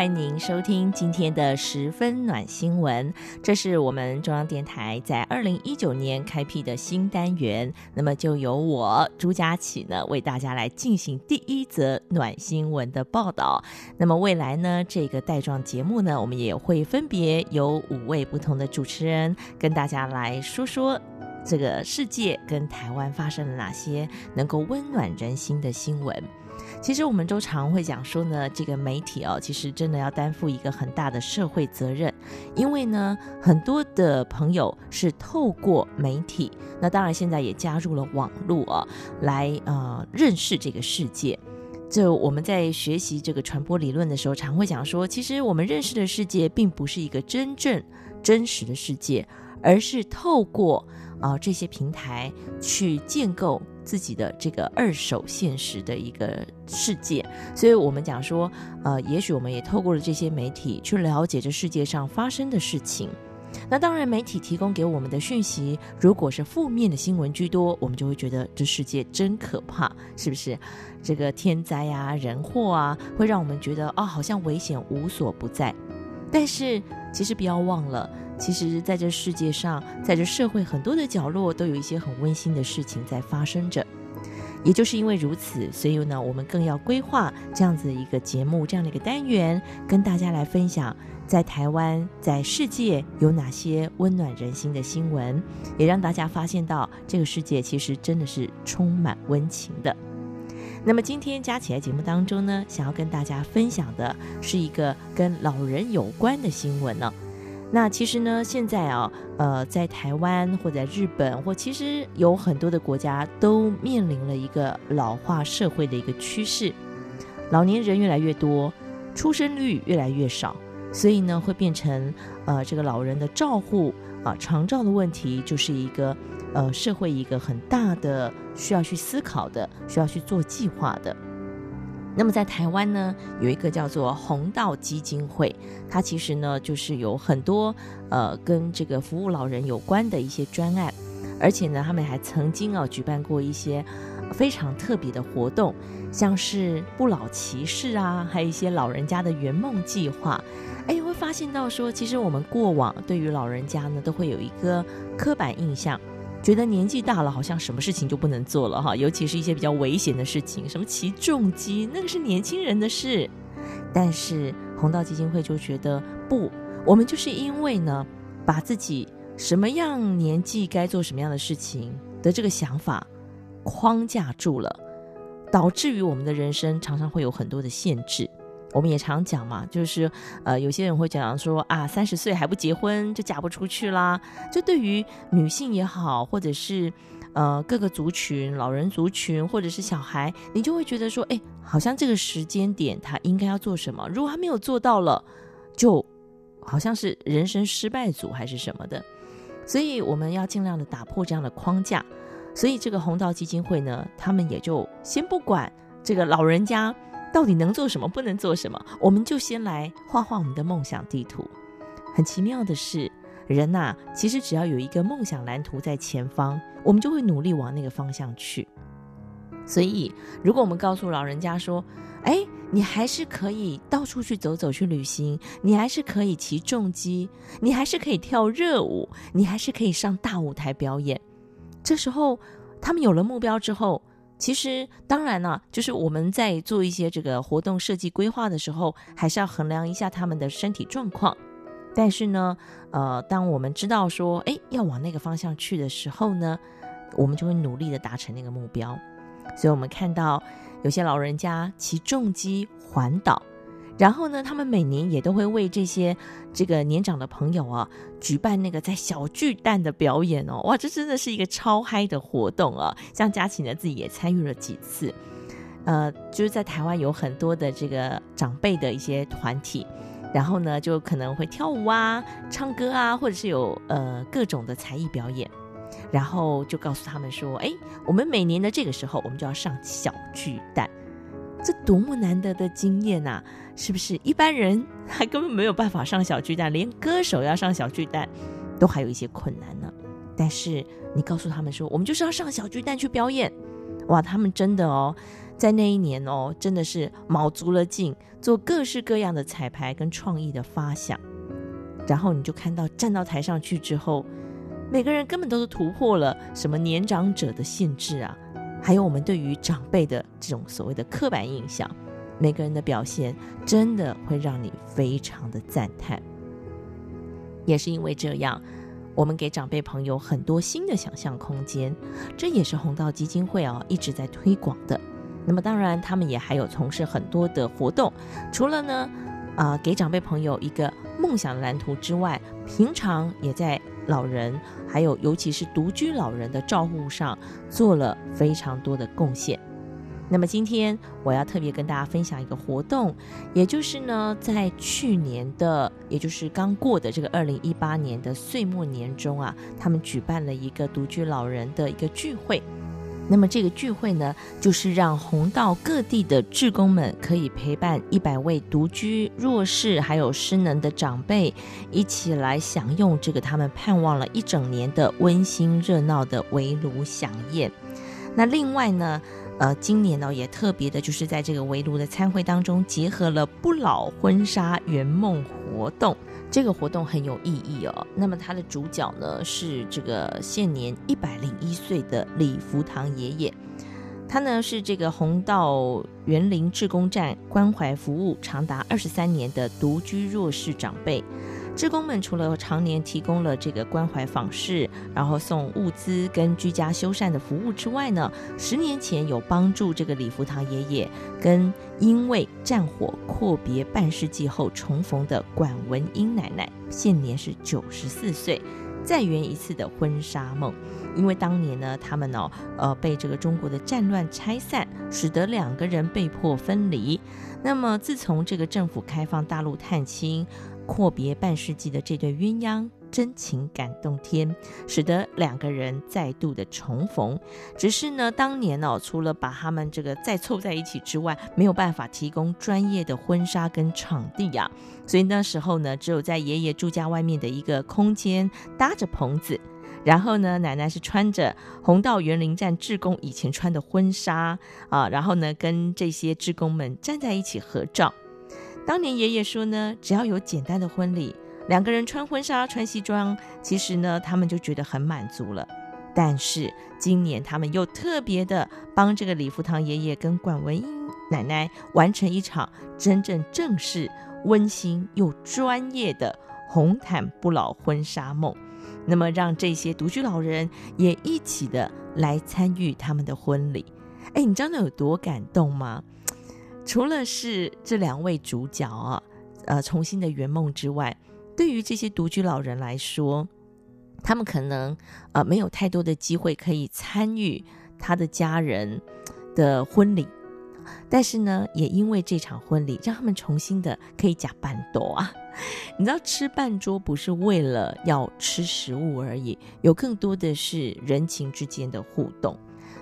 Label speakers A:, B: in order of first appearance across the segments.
A: 歡迎您收聽今天的十分暖心聞，這是我們中央電臺在二零一九年開闢的新單元。那麼就由我朱家啟呢為大家來進行第一則暖心聞的報道。那麼未來呢，這個帶狀節目呢，我們也會分別由五位不同的主持人跟大家來說說這個世界跟台灣發生了哪些能夠溫暖人心的新聞。其實我們都常會講說呢，這個媒體哦，其實真的要擔負一個很大的社會責任，因為呢，很多的朋友是透過媒體，那當然現在也加入了網絡啊、哦，來呃認識這個世界。就我們在學習這個傳播理論的時候，常會講說，其實我們認識的世界，並不是一個真正真實的世界。而是透過啊、呃、這些平台去建構自己的這個二手現實的一個世界，所以我們講說，呃，也許我們也透過了這些媒體去了解這世界上發生的事情。那當然，媒體提供給我們的訊息，如果是負面的新聞居多，我們就會覺得這世界真可怕，是不是？這個天災啊，人禍啊，會讓我們覺得哦，好像危險無所不在。但是，其實不要忘了，其實在這世界上，在這社會很多的角落都有一些很溫馨的事情在發生着。也就是因為如此，所以呢，我們更要規劃這樣子一個節目，這樣的一個單元，跟大家來分享在台灣、在世界有哪些溫暖人心的新聞，也讓大家發現到這個世界其實真的是充滿溫情的。那麼今天佳琪在節目當中呢，想要跟大家分享的是一個跟老人有關的新聞呢、啊。那其實呢，現在啊，呃，在台灣或在日本或其實有很多的國家都面臨了一個老化社會的一個趨勢，老年人越來越多，出生率越來越少，所以呢，會變成呃這個老人的照護。啊，長照的問題就是一個，呃，社會一個很大的需要去思考的，需要去做計劃的。那麼在台灣呢，有一個叫做弘道基金會，它其實呢就是有很多呃跟這個服務老人有關的一些專案，而且呢他們還曾經啊舉辦過一些。非常特別的活動，像是不老騎士啊，還有一些老人家的圓夢計劃。哎，會發現到說，其實我們過往對於老人家呢，都會有一個刻板印象，覺得年紀大了好像什麼事情就不能做了哈，尤其是一些比較危險的事情，什麼騎重機，那個是年輕人的事。但是弘道基金會就覺得不，我們就是因為呢，把自己什麼樣年紀該做什麼樣的事情的這個想法。框架住了，導致於我們的人生常常會有很多的限制。我們也常講嘛，就是呃，有些人會講說啊，三十歲還不結婚就嫁不出去啦。就對於女性也好，或者是呃各個族群、老人族群，或者是小孩，你就會覺得說，誒，好像這個時間點他應該要做什麼，如果他沒有做到了，就好像是人生失敗組還是什麼的。所以我們要盡量的打破這樣的框架。所以，這個弘道基金會呢，他們也就先不管這個老人家到底能做什麼，不能做什麼，我們就先來畫畫我們的夢想地圖。很奇妙的是，人吶、啊，其實只要有一個夢想藍圖在前方，我們就會努力往那個方向去。所以，如果我們告訴老人家說：“哎，你還是可以到處去走走去旅行，你還是可以騎重機，你還是可以跳熱舞，你還是可以上大舞台表演。”這時候，他們有了目標之後，其實當然了，啊，就是我們在做一些這個活動設計規劃的時候，還是要衡量一下他們的身體狀況。但是呢，呃，當我們知道說，哎，要往那個方向去的時候呢，我們就會努力的達成那個目標。所以，我們看到有些老人家騎重機環島。然後呢，他們每年也都會為這些這個年長的朋友啊，舉辦那個在小巨蛋的表演哦，哇，這真的是一個超嗨的活動啊！像佳琪呢自己也參與了幾次，呃，就是在台灣有很多的這個長輩的一些團體，然後呢就可能會跳舞啊、唱歌啊，或者是有呃各種的才藝表演，然後就告訴他們說，哎，我們每年的這個時候，我們就要上小巨蛋。這多麼難得的經驗吶、啊！是不是一般人還根本沒有辦法上小巨蛋？連歌手要上小巨蛋，都還有一些困難呢。但是你告訴他們說，我們就是要上小巨蛋去表演，哇！他們真的哦，在那一年哦，真的是卯足了勁，做各式各樣的彩排跟創意的發想。然後你就看到站到台上去之後，每個人根本都是突破了什麼年長者的限制啊！還有我們對於長輩的這種所謂的刻板印象，每個人的表現真的會讓你非常的讚嘆。也是因為這樣，我們給長輩朋友很多新的想象空間，這也是弘道基金會啊、哦、一直在推廣的。那麼當然，他們也還有從事很多的活動，除了呢，啊、呃，給長輩朋友一個夢想的藍圖之外，平常也在。老人還有，尤其是獨居老人的照顧上，做了非常多的貢獻。那麼今天我要特別跟大家分享一個活動，也就是呢，在去年的，也就是剛過的這個二零一八年的歲末年終啊，他們舉辦了一個獨居老人的一個聚會。那麼這個聚會呢，就是讓弘道各地的志工們可以陪伴一百位獨居弱勢還有失能的長輩，一起來享用這個他們盼望了一整年的溫馨熱鬧的圍爐饗宴。那另外呢，呃，今年呢也特別的，就是在這個圍爐的餐會當中，結合了不老婚紗圓夢活動，這個活動很有意義哦。那麼他的主角呢是這個現年一百零一歲的李福堂爺爺，他呢是這個弘道員林志工站關懷服務長達二十三年的獨居弱勢長輩。志工們除了常年提供了這個關懷訪視，然後送物資跟居家修繕的服務之外呢，十年前有幫助這個李福堂爺爺跟因為戰火闊別半世紀後重逢的管文英奶奶，現年是九十四歲，再圓一次的婚紗夢。因為當年呢，他們呢、哦，呃，被這個中國的戰亂拆散，使得兩個人被迫分離。那麼自從這個政府開放大陸探親。闊別半世紀的這對鴛鴦真情感動天，使得兩個人再度的重逢。只是呢，當年呢、哦，除了把他們這個再湊在一起之外，沒有辦法提供專業的婚紗跟場地呀，啊。所以那時候呢，只有在爺爺住家外面的一個空間搭着棚子，然後呢，奶奶是穿着弘道園林站志工以前穿的婚紗啊，然後呢，跟這些志工們站在一起合照。當年爺爺說呢，只要有簡單的婚禮，兩個人穿婚紗穿西裝，其實呢，他們就覺得很滿足了。但是今年他們又特別的幫這個李福堂爺爺跟管文英奶奶完成一場真正正式、溫馨又專業的紅毯不老婚紗夢。那麼讓這些獨居老人也一起的來參與他們的婚禮，哎，你知道那有多感動嗎？除了是這兩位主角啊，呃，重新的圓夢之外，對於這些獨居老人來說，他們可能呃沒有太多的機會可以參與他的家人的婚禮，但是呢，也因為這場婚禮，讓他們重新的可以呷辦桌啊。你知道，吃辦桌不是為了要吃食物而已，有更多的是人情之間的互動。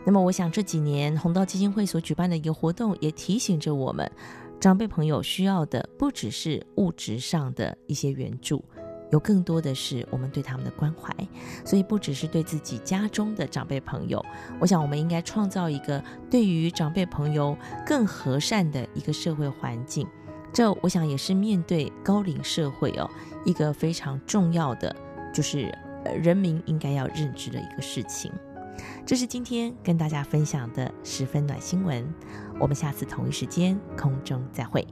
A: 那麼，我想這幾年弘道基金會所舉辦的一個活動，也提醒着我們，長輩朋友需要的不只是物質上的一些援助，有更多的是我們對他們的關懷。所以，不只是對自己家中的長輩朋友，我想我們應該創造一個對於長輩朋友更和善的一個社會環境。這，我想也是面對高齡社會哦，一個非常重要的，就是人民應該要認知的一個事情。這是今天跟大家分享的十分暖心聞，我們下次同一時間空中再會。